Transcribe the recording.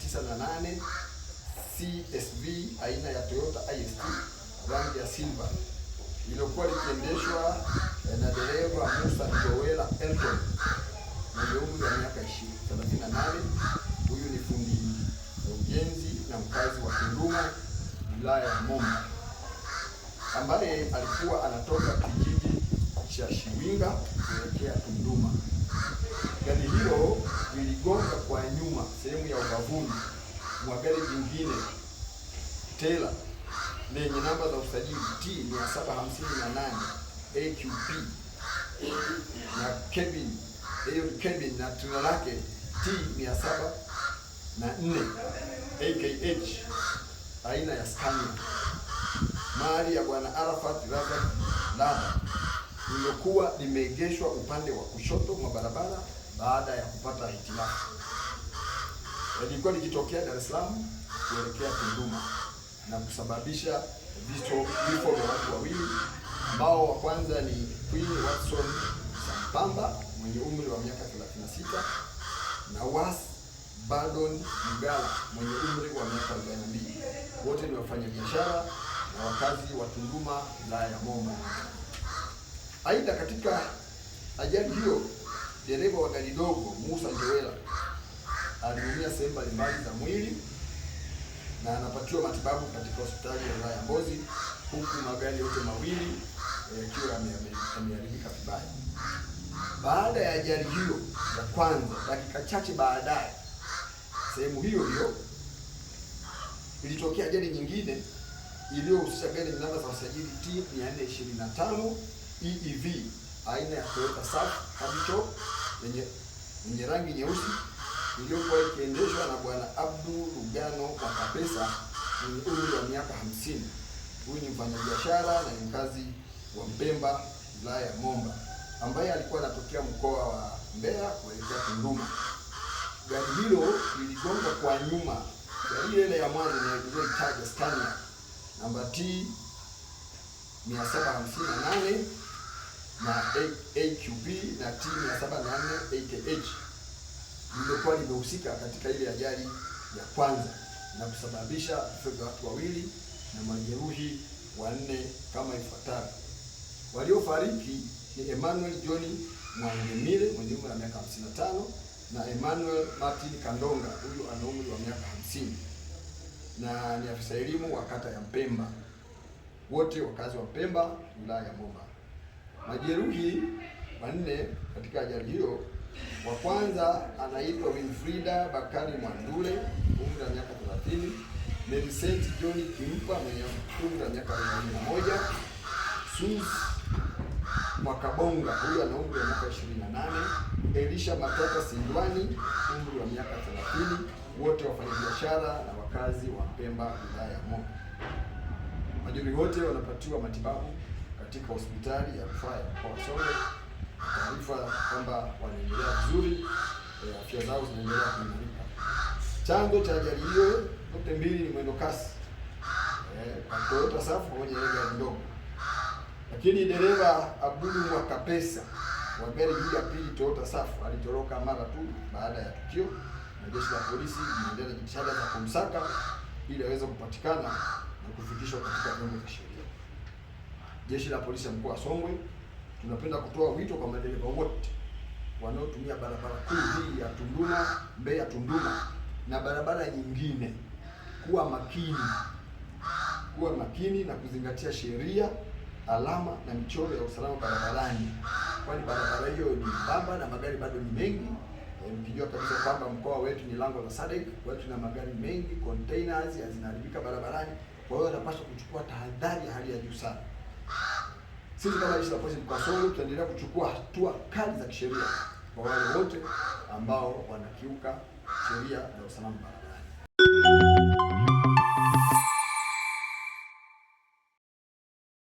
908 CSV aina ya Toyota IST rangi ya silver iliyokuwa likiendeshwa eh, na dereva Musa Joela Elton mwenye umri wa miaka 38. Huyu ni fundi wa eh, ujenzi na mkazi wa Tunduma, wilaya ya Momba, ambaye alikuwa anatoka kijiji cha Shiwinga kuelekea Tunduma. Gari hilo liligonga nyuma sehemu ya ubavuni mwa gari jingine tela lenye namba za usajili T 758 AQP na Kevin hiyo Kevin na tuna lake T 704 AKH aina ya Scania mali ya Bwana Arafat Raza Lada lililokuwa limeegeshwa upande wa kushoto mwa barabara baada ya kupata hitilafu nilikuwa nikitokea Dar es Salaam kuelekea Tunduma na kusababisha vifo vya watu wawili ambao wa kwanza ni Queen Watson Sampamba mwenye umri wa miaka 36 na Was Badon Mgala mwenye umri wa miaka 42. Wote ni wafanyabiashara na wakazi wa Tunduma, wilaya ya Momo. Aidha, katika ajali hiyo dereva wa gari dogo Musa Njowela aliumia sehemu mbalimbali za mwili na anapatiwa matibabu katika hospitali ya wilaya ya Mbozi, huku magari yote mawili eh, yakiwa yameharibika vibaya. Baada ya ajali hiyo ya kwanza, dakika chache baadaye, sehemu hiyo hiyo ilitokea ajali nyingine iliyohusisha gari namba za usajili T 425 EEV aina ya Toyota Surf yenye yenye rangi nyeusi iliyokuwa ikiendeshwa na Bwana Abdu Rugano Makapesa mwenye umri wa miaka hamsini. Huyu ni mfanyabiashara na ni mkazi wa Mpemba wilaya ya Momba ambaye alikuwa anatokea mkoa wa Mbeya kuelekea Tunduma. Gari hilo liligonga kwa nyuma gari ile ya mwanzo inayoitaja Scania namba T 758 na AQB na T 704 AKH lilikuwa limehusika katika ile ajali ya kwanza na kusababisha vifo vya watu wawili na majeruhi wanne kama ifuatavyo. Waliofariki ni Emmanuel John Mwangemile mwenye umri wa miaka 55 na Emmanuel Martin Kandonga huyu ana umri wa miaka 50 na ni afisa elimu wa kata ya Mpemba, wote wakazi wa Mpemba wilaya ya momba Majeruhi wanne katika ajali hiyo wa kwanza anaitwa Winfrida Bakari Mwandule, umri wa miaka 30, Millicent John Kimpa mwenye umri wa miaka 41, Sus Mwakabonga huyu ana umri wa miaka 28, Elisha Matata Sindwani umri wa miaka 30, wote wafanyabiashara na wakazi wa Pemba wilaya ya Mo. Majuri wote wanapatiwa matibabu katika hospitali ya rufaa ya mkoa wa Songwe taarifa kwamba wanaendelea vizuri, eh, afya zao zinaendelea kuimarika. Chanzo cha ajali hiyo zote mbili ni mwendo kasi eh, kwa Toyota Surf pamoja na gari ndogo, lakini dereva Abdul Mwakapesa wa gari hii ya pili Toyota safu alitoroka mara tu baada ya tukio, na jeshi la polisi linaendelea na jitihada za kumsaka ili aweze kupatikana na kufikishwa katika vyombo vya sheria. Jeshi la polisi ya mkoa wa Songwe tunapenda kutoa wito kwa madereva wote wanaotumia barabara kuu hii ya Tunduma Mbeya Tunduma na barabara nyingine kuwa makini, kuwa makini na kuzingatia sheria, alama na michoro ya usalama barabarani, kwani barabara hiyo ni mbamba na magari bado ni mengi, mkijua kabisa kwamba mkoa wetu ni lango la SADC, watu na magari mengi, containers zinaharibika barabarani. Kwa hiyo anapaswa kuchukua tahadhari ya hali ya juu sana. Sisi kama jeshi la polisi Mkwasogo tutaendelea kuchukua hatua kali za kisheria kwa wale wote ambao wanakiuka sheria za usalama barabarani.